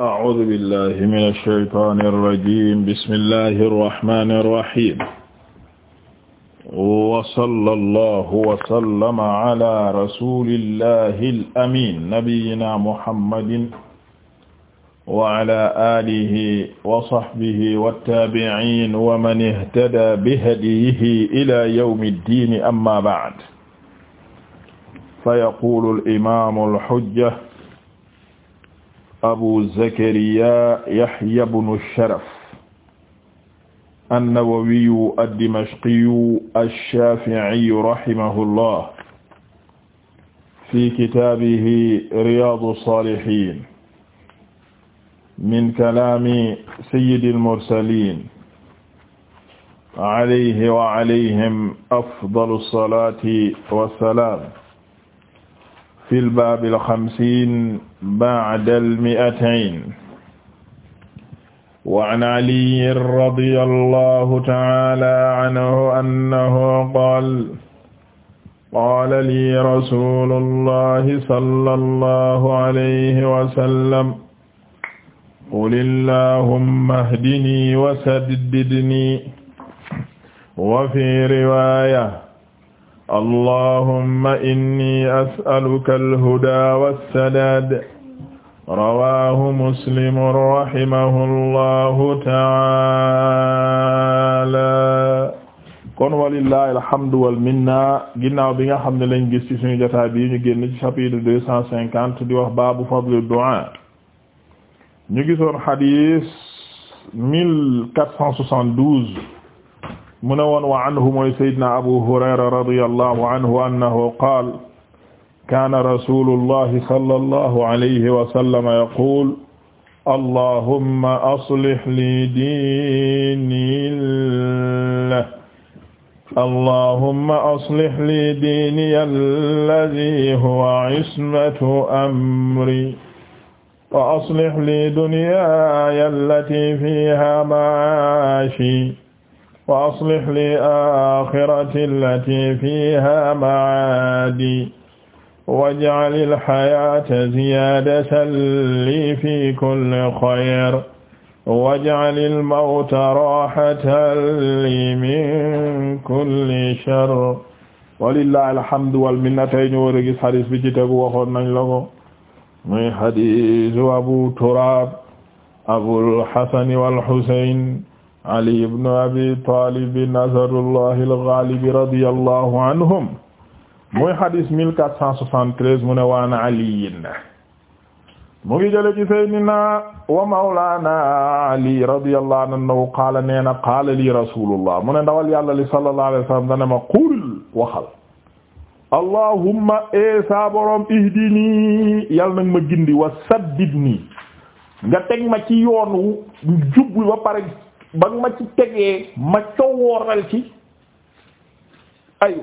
أعوذ بالله من الشيطان الرجيم بسم الله الرحمن الرحيم وصلى الله وسلم على رسول الله الأمين نبينا محمد وعلى آله وصحبه والتابعين ومن اهتدى بهديه إلى يوم الدين أما بعد فيقول الإمام الحجة abu zakariya yahya bnu sharaf annawawiyu addimashqiyu alshafiiyu rahimahu llah fi kitaabihi riyaadu saalihiin min kalaami sayyidi almursaliin alayhi wa alayhim afdalu salaati wa salaam fil baabil xamsiin ba'da al-mi'atayn wa 'an 'Aliyyin radiyallahu ta'ala 'anhu annahu qaala qaala lii rasuulullahi sallallahu alayhi wa sallam qul allahumma ihdinii wa saddidnii wa fii riwaaya allahumma innii as'aluka al-hudaa was-sadaad rawaahu muslim rahimahullahu taala kon walillahi alhamdu wal minna ginnaaw bi nga xam ne lañ gis ci suñu jotaay bi ñu génn ci chapitre deux cent cinquante di wax baabu fadlu du'a ñu gisoon xadiis mille quatre cent soixante douze mu ne woon wa anhu mooy sayyidina Abu Hurayra radiyallahu anhu annahu qaala kaana rasulullahi sallallahu alayhi wa sallam yaqul allahumma aslih li diini allahumma aslih li diini allazii huwa ismatu amri wa aslih li dunyaaya allatii fiihaa ma'aashii wa aslih li aaxiratii allatii fiihaa ma'aadii waj'al al-hayaata ziyaadatan lii fii kulli xayr waj'al al-mawta raahatan lii min kulli sharr. walillaahi alhamdu wal minna tey ñu war a gis xadis bi ci tegu waxoon nañ la ko muy xadisu Abu Turaab Abul Hasan wal Husayn Ali ibn Abi Taalib nasarullahi al-ghaalib radiyallaahu anhum muy xadis 1473 mu ne waan aliyin mu ngi jële ci sayyidina wa mawlana ali radiyallahu anhu qaala nee na qaala li rasulullah mu ne ndawal yàlla li sallallahu alayhi wa qul waxal allahumma e saa borom ihdini yàlla nag ma gindi wa saddidni nga teg ma ci yoonu jubbu ba pare ba ma ci tegee ma cowooral ci ayu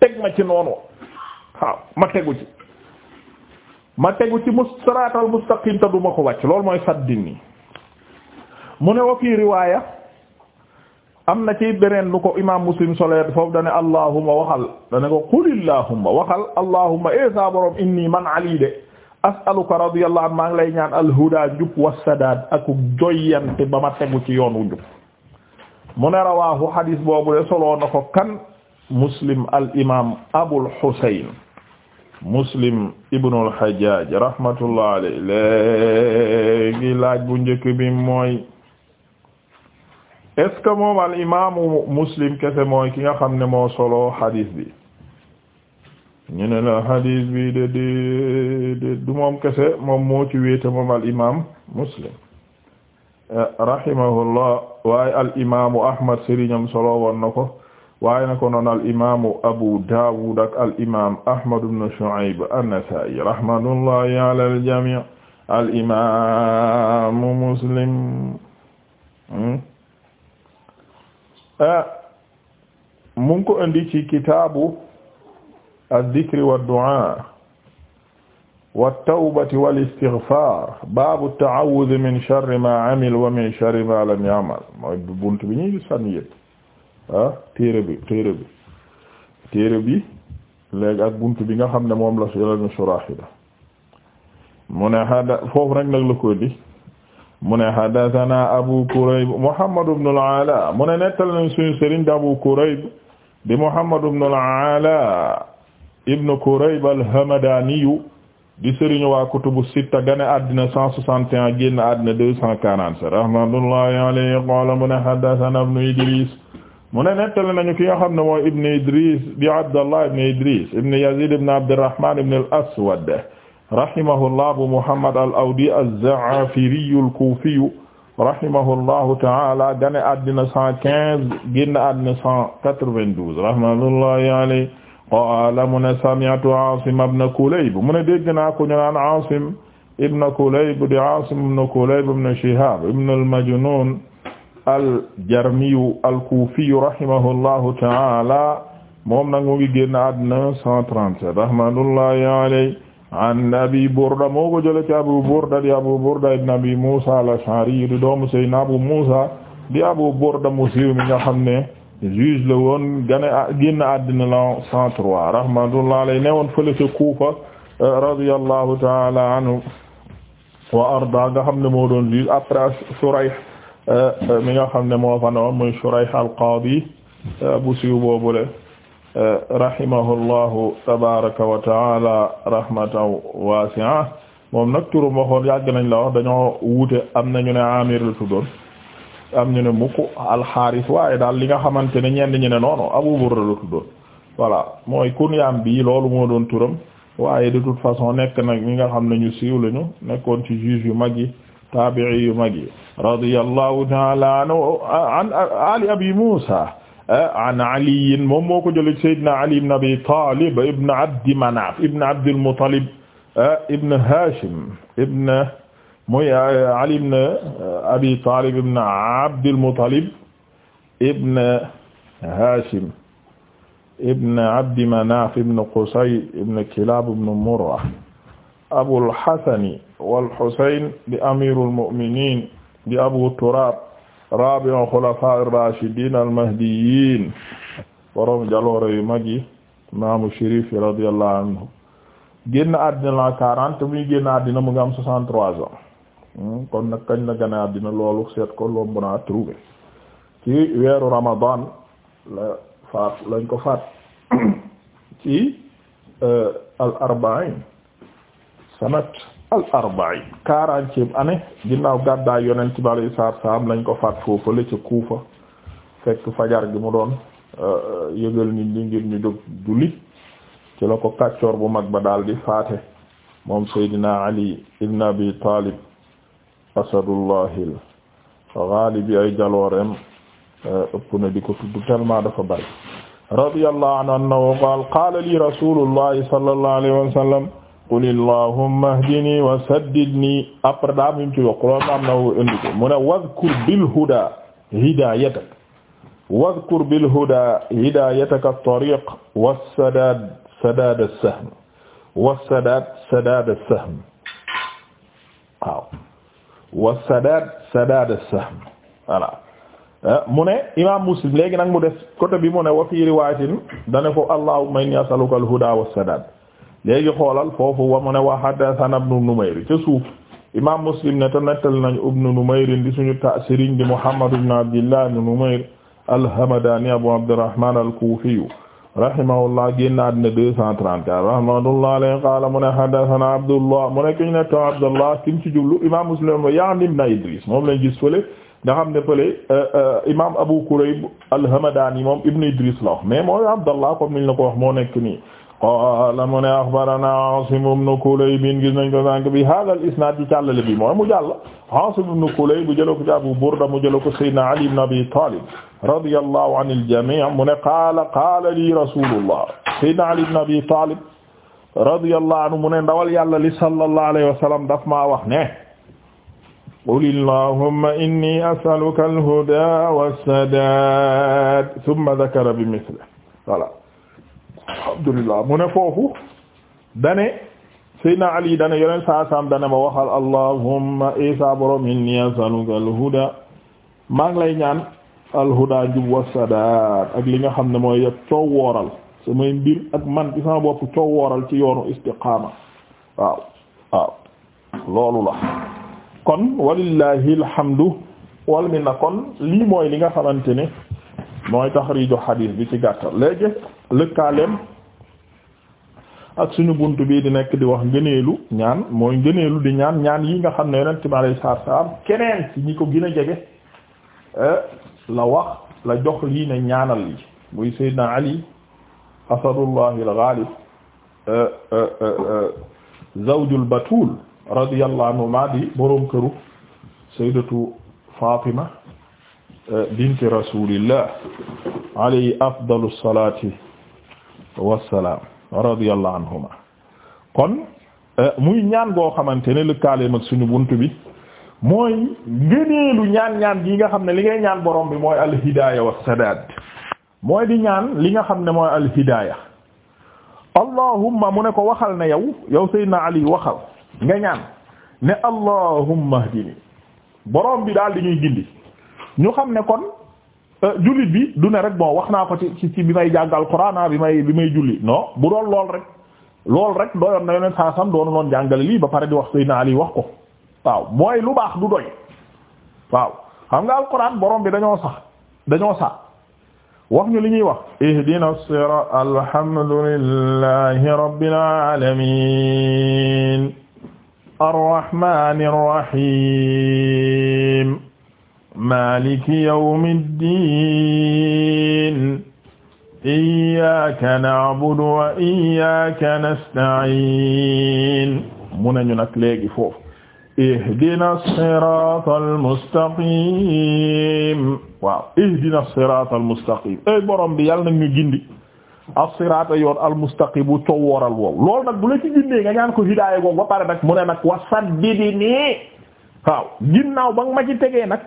teg ma ci noonu waaw ma tegu ci ma tegu ci mus siraatal mustaqim te duma ko wàcc loolu mooy saddin nii mu ne wa fii riwaaya am na ci beneen nu ko imaam muslim soleet foofu dane allahumma waxal dane ko qulillahumma waxal allahumma eesa eh, borom inni man ali de as'aluka radiyallahu anhu maa ngi lay ñaan alhuda njub wassadaad ak joyante ba ma tegu ci yoon wu njub mu ne rawaahu xadiis boobu de soloo na ko kan muslim al imaam Abul Husayn muslim ibnul Hajjaj rahmatullah alayhi léegi laaj bu njëkk bi mooy est-ce que moom al muslim kese mooy ki nga xam ne moo solo hadith bi ñu ne la hadith bi de de du moom kese moom moo ci moom al muslim eh, rahimahullah waaye al imaamu Ahmad sëriñam solo woon na ko. waaye na ko noon al imaamu Abu Dawud ak al imaam Ahmad ibn Shu'ayb an-Nasa'i rahmatullahi ala al jami' al imaamu Muslim hmm? eh, mu ngi ko indi ci kitaabu ad-dhikri wad-du'a wat-tawbati wal-istighfar baabu at-ta'awwudh min sharri ma 'amila wa min sharri ma lam ya'mal mooy buntu bi ñuy gis fan yépp ah téere bi téere bi téere bi léegi ak buntu bi nga xam ne moom la yolenu mu ne hada foofu rek nag la koy di mu ne hadathana abu kurayb mu ne nettal nañ suñu sëriñ di abu kurayb di muhammad ibn al-ala ibn kurayb al-hamadaniyu di sëriñu waa kutubu sitta gane addina 161 génn addina rahmatullahi alayhi qala mu ne hadathana idris mu ne nettali nañu ki nga xam ne mooy ibn Idris di Abdallah ibn Idris ibn Yazid ibn Abdurrahman ibn al-Aswad rahimahullah Abu Muhammad al-Awdi az-Za'afiri al-Kufi rahimahullahu ta'ala gane àddina 115 génn àddina 192 rahmatullahi alayhi qaala mu ne sami'tu Asim ibn Kulayb mu ne dégg naa ko ñu naan Asim ibn Kulayb di Asim ibn Kulayb ibn Shihab ibn al-Majnun aljarmiyu alkuufiyu rahimahullahu taala moom nag mu ngi génn àdduna 137 rahmatullahi alayhi an abi Burda moo ko jëlee ci abu Burda di abu Burda ibn abi Musa al-Ash'ari di doomu Seydina abu Musa di abu Burda mu siiw mi nga xam ne juge la woon gane génn àdduna la 103 rahmatullahi ne woon fële ca Kuufa euh, radiyallahu taala anhu wa arda nga xam ne moo doon juge après Euh, euh, mi nga xam ne moo fa ne woon muy Shurayh al-Qaadi euh, bu siiw boobule rahimahullahu tabaraka wa taala rahmatan wasi'a moom nag turam waxoon yàgg nañ la wax dañoo wuute am nañu ne Amir la tuddoon am ñu ne mukk alxaaris waaye daal li nga xamante ne ñenn ñu ne noonu Abu Burda la tuddoon voilà mooy kunyaam bii loolu moo doon turam waaye de toute façon nekk nag ñi nga xam nañu siiw lañu nekkoon ci juge yu mag yi taabi'i yu mag yi radiyallahu ta'ala anhu an ali abi musa an ali moom moo ko jëlee sayyidina ali ibn abi talib ibn abdi manaf ibn abd al-muttalib ibn hashim ibn muy ali ibn abi talib ibn abd al-muttalib ibn hashim ibn abdi manaf ibn qusay ibn kilab ibn murra abul hasan wal Husayn di amirul mu'minin di Abu Turab rabi'u khulafa'ir rashidin al mahdiyyin borom jaloore yu mag yi imaamu Shérif radiyallahu anhu génn la quarante muy génn àddina mu ngi am soixante-trois ans hmm, kon nag kañ la loolu seet ko lomb naa trouvé ci weeru Ramadan la faat lañ ko faat ci euh, al arba'in sanat al arba'i quarantième année ginnaaw gàddaay yonent bi alayhi salaatu salaam lañ ko faat foofale ca Kuufa fekk fajar gi mu doon euh, yëgal nit ñi ngir ñu jóg julli la ko kàccoor bu mag ba daal di faate moom Seydina Ali ibn Abi Talib asadullahil ghalib bi ay jaloorem euh, na di ko tudd tellement dafa bari radiyallahu anhu qaala li rasulullahi sallallahu alayhi wa sallam qul allahumma ihdini wa saddidni après daa mu ci yokk loolu am na wu indi ko mu ne wadkur bil huda hidayatak wadkur bil huda hidayatak at-tariq was-sadad sadad as-sahm was-sadad sadad as-sahm waaw was-sadad sadad as-sahm voilà eh, mu ne imaam Muslim léegi nag mu des côté bi mu ne wa fi riwayatin dane ko allahumma inni as'aluka al-huda was-sadad léegi xoolal foofu wa mu ne wa haddathana ibnu Numayr ca suuf imam Muslim ne te nettal nañu ibnu Numayr di suñu ta sëriñ di Muhammad ibn Abdillah ibn Numayr al-Hamadani Abu Abdurrahman al-Kufi rahimahullah génn na àddina 234 rahmatullah alayhi qala mu ne haddathana Abdullah mu ne ki ñu ne to Abdullah kim ci jublu imam Muslim ya'ni ibn Idris moom lañ gis fële nga xam ne fële euh, euh, imam Abu Kurayb al-Hamadani moom ibn Idris la wax mais mooy Abdullah comme niñ la ko wax moo nekk nii qaala mu ne axbarana Aasim ibn Kulayb gis nañ ko sànq bi haaza al-isnaad ci càllale bi mooy mu jàll Aasim ibn Kulayb bu jëlee ko ci Abu Burda mu jëlee ko Seydina Ali ibn Abi Taalib radiyallahu anil jamii' mu ne qaala qaala lii rasuulullah Seydina Ali ibn Abi Taalib radiyallahu anhu mu ne ndawal yàlla li sallallahu alayhi wa sallam daf maa wax ne qul allahumma inni as'aluka al-hudaa was-sadaad thumma dhakara bi mithlihi voilà alhamdulillah mu ne foofu dane Seydina Ali dane yoneen saa dane ma waxal allahumma isa borom inni asaluka alhuda maa ngi lay ñaan alhuda jub wasadaat ak li nga xam ne mooy yëpp coow wooral samay mbir ak man ci sama bopp coow wooral ci yoonu istiqaama waaw loolu la kon walillahi alhamdu wal minna kon lii mooy li nga xamante ne mooy taxriiju xadiis bi ci gàttal léegi lëkkaaleem ak suñu bunt bii di nekk di wax ngëneelu ñaan mooy ngëneelu di ñaan ñaan yi nga xam ne yonent bi keneen ci ñi ko gën a jege eh, la wax la jox lii ñaanal lii muy Seydina Ali asadullahi al-ghalib eh, eh, zawjul batul radiyallahu anhu ma di boroom këru sayyidatu Fatima binti rasulillah alayhi afdalu salati wassalam radiyallahu anhuma kon euh, muy ñaan goo xamante ne lëkkaaleem ak suñu bunt bi mooy ngëneelu ñaan ñaan gi nga xam ne li ngay ñaan borom bi mooy alhidaaya wa sadaad mooy di ñaan li nga xam ne mooy alhidaaya allahumma mu ne ko waxal ne yow yow Seydina Ali waxal nga ñaan ne allahumma hdini borom bi daal di ñuy gindi ñu xam ne kon Euh, jullit bi du ne rek bon wax naa ko ci ci bi may jàngal Qur'an ah, bi may bi may julli non bu doon lool rek lool rek doyoon na yeneen saa sam doonu jàngale lii ba pare di wax Seydina Ali wax ko waaw mooy lu baax du doy waaw xam nga alquran borom bi dañoo sax dañoo sax wax ñu li ñuy wax ihdina sira alhamdulillahi rabbil alamin arrahmanir rahim maliki yawmi ddiin iyyaka na'budu wa iyyaka nasta'iin mu nañu nag léegi foofu ihdina siraatal mustaqiim waaw ihdina siraatal ay borom bi yàlla nag ñu gindi as-siraata yoon al-mustaqiim bu coow wooral woow loolu nag bu ci gindee nga ñaan ko hidaaya googu ba pare nag mu ne nag wasaddidnii waaw ginnaaw ba nga ma ci tegee nag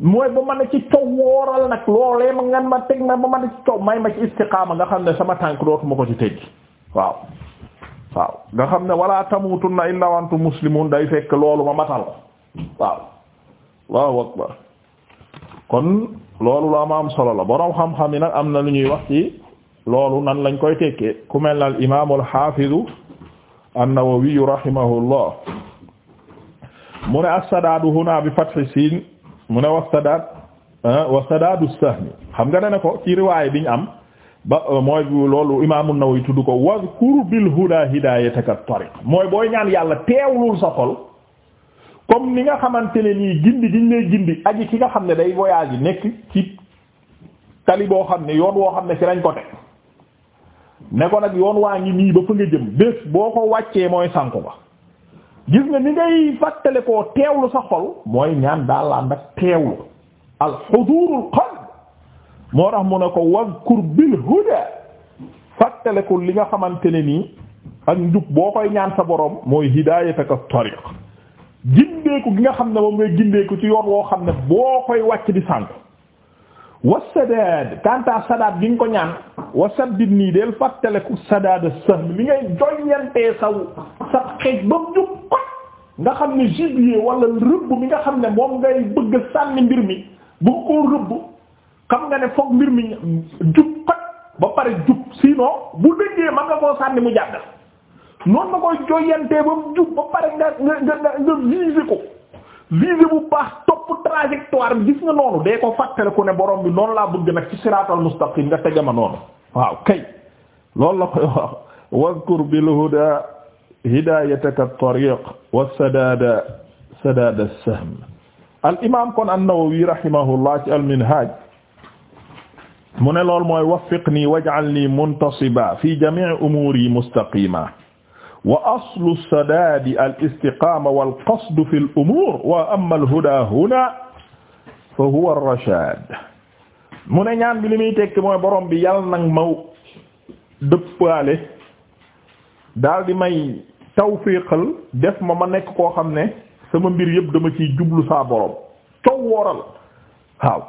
mooy ba mën a ci cow wooral nag loolee ma ngan teg ma ba mën a ci cow may ma ci istiqaama nga xam ne sama tànk dootuma ko ci teggi waaw waaw nga xam ne wala tamutunna illa wa antum muslimun day fekk loolu ma matal ko waaw allahu akbar kon loolu la ma am solo la boroom xam-xam yi nag am na lu ñuy wax ci loolu nan lañ koy tekke ku mel na al imaamu al xaafizu an mu ne as huna bi fathi mu ne wastadaad ah, wastadaadu sahmi xam nga ne ko ci riwaay biñ am ba euh, mooy loolu imaamu Nawawi tudd ko wazkur bil huda hidaayataka tariq mooy booy ñaan yàlla teewlul sa xol comme ni nga xamante ne nii gindi diñ lay gindi aji ki nga xam ne day voyage yi nekk ci tali boo xam ne yoon woo xam ne ci lañ ko teg ne ko nag yoon waa ngi nii ba fa nga jëm bés boo ko wàccee mooy sanku ba gis nga ni ngay fàttale koo teewlu sa xol mooy ñaan daal la nag teewlu al xudurul qalb moo tax mu ne ko wazkur bil huda fàttale ko li nga xamante ne nii ak njub boo koy ñaan sa borom mooy hidaayataka tariq gindeeku gi nga xam ne moom ngay gindeeku ci yoon woo xam ne boo koy wàcc di sànk wa sadaad kanta sadaad nga ko ñaan wa bi nii del fàttaleku sadaada sahm li ngay joyantee saw sa xeej ba mu jub ko nga xam ne gibier wala rëbb mi nga xam ne moom ngay bëgg sànni mbir mi bu ko rëbb xam nga ne foog mbir mi jub ko ba pare jub sinon bu dëggee man nga koo sànni mu jàggal noonu nga koy joyantee ba mu jub ba pare nga nga nga nga viser ko viser bu baax topp trajectoire bi gis nga noonu dee ko fàttale ku ne borom bi noonu laa bëgg nag ci siraatal mustaqim nga tege ma noonu waaw kay loolu la koy wax wazkur bil huda hidayataka at-tariq was-sadada sadada as-sahm al imam kon an-Nawawi rahimahullah ci al-Minhaj mu ne lool mooy waffiqni waj'alni muntasiba fi jami' umuri mustaqima wa aslu sadaadi al istiqaama wal qasdu fil wa amma al hudaa fa huwa ar mu ne ñaan bi li muy tekki mooy borom bi yal nag maw dëppaale daal di may tawfiiqal def ma ma nekk koo xam ne sama mbir yëpp dama ciy jublu saa borom cow wooral waaw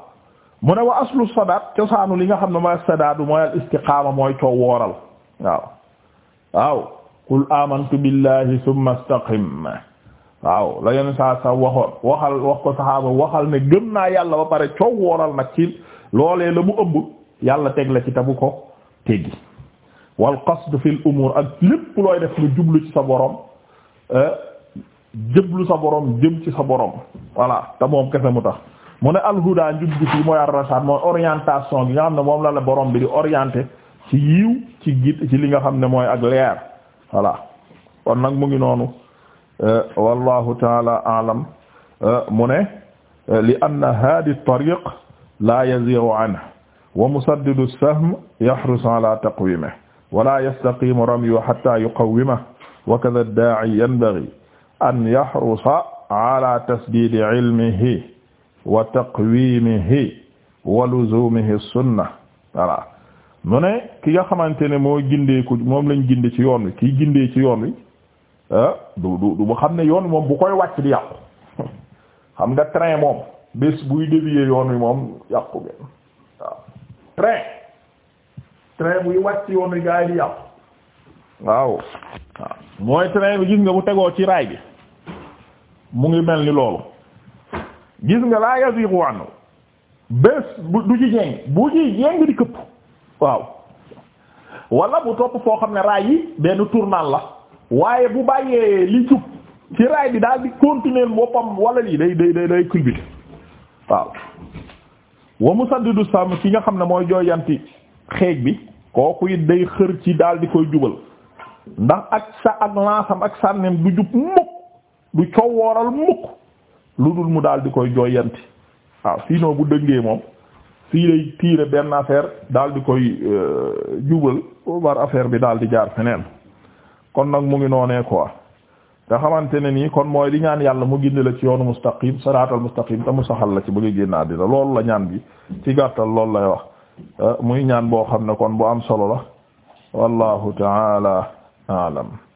mu ne wa aslu sadaat cosaanu li nga xam ne mooy sadaadu mooy al istiqaama mooy cow wooral qul amantu billahi thumma istaqim waaw la yenn saa sa waxoon waxal wax ko saxaaba waxal ne gëm naa yàlla ba pare coow wooral nag ci loolee la mu ëmb yàlla teg la ci tabu ko teggi wal qasd fi l umur ak lépp looy def lu jublu ci sa borom eh, jëblu sa borom jëm ci sa borom voilà te moom kese mu tax mu ne alhuda njub gi fii mooy ar mooy orientation gi nga xam ne moom la la borom bi di orienté ci yiw ci git ci li nga xam ne mooy ak leer voilà kon nag mu ngi noonu euh, wallahu taala alam euh, mu ne euh, li anna hadi tariq la yaziru anhu wa musaddidu as-sahm yahrus ala taqwimihi wa la yastaqimu ramyuhu hatta yuqawwimahu wa kadha ad-da'i yanbaghi an yahrusa ala tasdidi ilmihi wa taqwimihi wa luzumihi as-sunnah voilà mu ne ki nga xamante ne moo gindeeku moom lañ gindee ci yoon wi kii gindee ci yoon wi ah du du du ba xam ne yoon wi moom bu koy wàcc di yàqu xam nga train moom bés buy dévier yoon wi moom yàqu benn waaw train train buy wàcc waaw mooy train bi nga bu tegoo ci raay bi mu ngi mel ni loolu gis nga laa yasiixu ànd bés bu du ci jeng bu ci jeng di këpp waaw walla bu topp foo xam ne raay yi benn tournant la waaye bu bàyyee li jub ci raay bi daal di continuer boppam walla lii day day day day culbuté waaw wa musaddidu sam ki nga xam ne mooy jooyanti xeej bi kooku it day xër ci daal di koy jubal ndax ak sa ak lancam ak sànnem du jub mukk du coowooral mukk lu dul mu daal di koy jooyanti waaw sinon bu dëngee moom fii lay tiire benn affaire daal di koy euh, jubal war affaire bi daal di jaar feneen kon nag mu ngi noonee quoi nga xamante ne nii kon mooy di ñaan yàlla mu gindi la ci yoonu mustaqim siraatal mustaqim te mu saxal la ci bëgg génn àddina loolu la ñaan bi ci gàttal loolu lay wax euh, muy ñaan boo xam ne kon bu am solo la wallahu taala alam